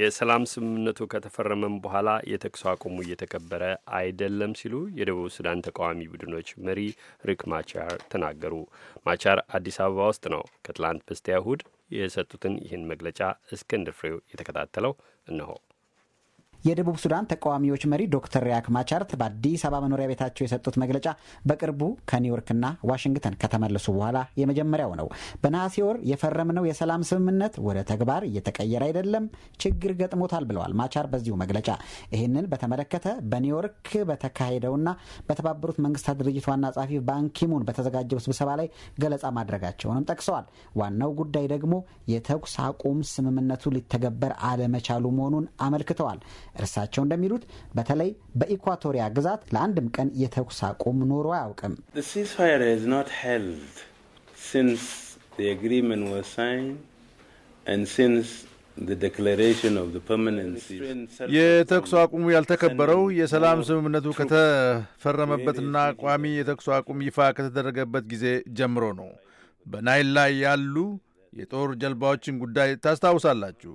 የሰላም ስምምነቱ ከተፈረመም በኋላ የተኩስ አቁሙ እየተከበረ አይደለም ሲሉ የደቡብ ሱዳን ተቃዋሚ ቡድኖች መሪ ሪክ ማቻር ተናገሩ። ማቻር አዲስ አበባ ውስጥ ነው ከትላንት በስቲያ እሁድ የሰጡትን ይህን መግለጫ እስክንድር ፍሬው የተከታተለው እነሆ። የደቡብ ሱዳን ተቃዋሚዎች መሪ ዶክተር ሪያክ ማቻርት በአዲስ አበባ መኖሪያ ቤታቸው የሰጡት መግለጫ በቅርቡ ከኒውዮርክና ዋሽንግተን ከተመለሱ በኋላ የመጀመሪያው ነው። በነሐሴ ወር የፈረምነው የሰላም ስምምነት ወደ ተግባር እየተቀየረ አይደለም፣ ችግር ገጥሞታል ብለዋል ማቻር በዚሁ መግለጫ። ይህንን በተመለከተ በኒውዮርክ በተካሄደውና በተባበሩት መንግስታት ድርጅት ዋና ጸሐፊ ባንኪሙን በተዘጋጀው ስብሰባ ላይ ገለጻ ማድረጋቸውንም ጠቅሰዋል። ዋናው ጉዳይ ደግሞ የተኩስ አቁም ስምምነቱ ሊተገበር አለመቻሉ መሆኑን አመልክተዋል። እርሳቸው እንደሚሉት በተለይ በኢኳቶሪያ ግዛት ለአንድም ቀን የተኩስ አቁም ኖሮ አያውቅም። የተኩስ አቁሙ ያልተከበረው የሰላም ስምምነቱ ከተፈረመበትና ቋሚ የተኩስ አቁም ይፋ ከተደረገበት ጊዜ ጀምሮ ነው። በናይል ላይ ያሉ የጦር ጀልባዎችን ጉዳይ ታስታውሳላችሁ።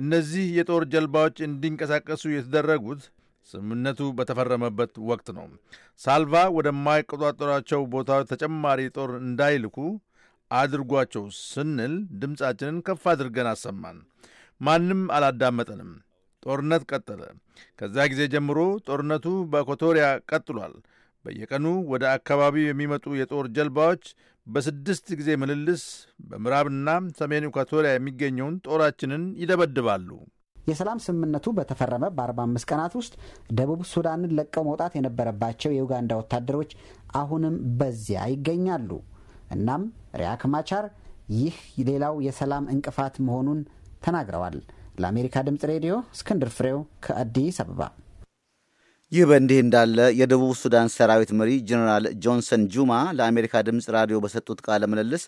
እነዚህ የጦር ጀልባዎች እንዲንቀሳቀሱ የተደረጉት ስምምነቱ በተፈረመበት ወቅት ነው። ሳልቫ ወደማይቆጣጠሯቸው ቦታዎች ተጨማሪ ጦር እንዳይልኩ አድርጓቸው ስንል ድምፃችንን ከፍ አድርገን አሰማን። ማንም አላዳመጠንም። ጦርነት ቀጠለ። ከዚያ ጊዜ ጀምሮ ጦርነቱ በኢኳቶሪያ ቀጥሏል። በየቀኑ ወደ አካባቢው የሚመጡ የጦር ጀልባዎች በስድስት ጊዜ ምልልስ በምዕራብና ሰሜን ኢኳቶሪያ የሚገኘውን ጦራችንን ይደበድባሉ። የሰላም ስምምነቱ በተፈረመ በ45 ቀናት ውስጥ ደቡብ ሱዳንን ለቀው መውጣት የነበረባቸው የኡጋንዳ ወታደሮች አሁንም በዚያ ይገኛሉ። እናም ሪያክ ማቻር ይህ ሌላው የሰላም እንቅፋት መሆኑን ተናግረዋል። ለአሜሪካ ድምፅ ሬዲዮ እስክንድር ፍሬው ከአዲስ አበባ ይህ በእንዲህ እንዳለ የደቡብ ሱዳን ሰራዊት መሪ ጀኔራል ጆንሰን ጁማ ለአሜሪካ ድምፅ ራዲዮ በሰጡት ቃለ ምልልስ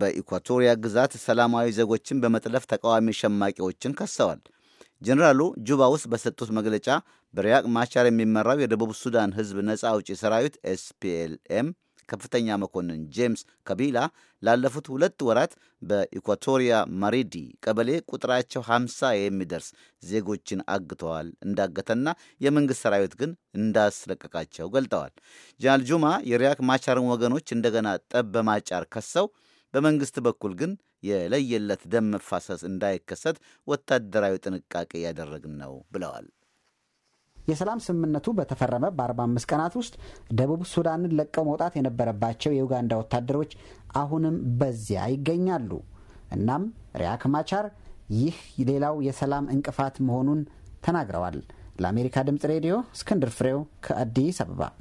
በኢኳቶሪያ ግዛት ሰላማዊ ዜጎችን በመጥለፍ ተቃዋሚ ሸማቂዎችን ከሰዋል። ጀኔራሉ ጁባ ውስጥ በሰጡት መግለጫ በሪያቅ ማቻር የሚመራው የደቡብ ሱዳን ሕዝብ ነፃ አውጪ ሰራዊት ኤስፒኤልኤም ከፍተኛ መኮንን ጄምስ ከቢላ ላለፉት ሁለት ወራት በኢኳቶሪያ ማሪዲ ቀበሌ ቁጥራቸው 50 የሚደርስ ዜጎችን አግተዋል እንዳገተና የመንግሥት ሰራዊት ግን እንዳስለቀቃቸው ገልጠዋል። ጀነራል ጁማ የሪያክ ማቻርን ወገኖች እንደገና ጠብ በማጫር ከሰው በመንግሥት በኩል ግን የለየለት ደም መፋሰስ እንዳይከሰት ወታደራዊ ጥንቃቄ ያደረግን ነው ብለዋል። የሰላም ስምምነቱ በተፈረመ በ45 ቀናት ውስጥ ደቡብ ሱዳንን ለቀው መውጣት የነበረባቸው የኡጋንዳ ወታደሮች አሁንም በዚያ ይገኛሉ። እናም ሪያክ ማቻር ይህ ሌላው የሰላም እንቅፋት መሆኑን ተናግረዋል። ለአሜሪካ ድምፅ ሬዲዮ እስክንድር ፍሬው ከአዲስ አበባ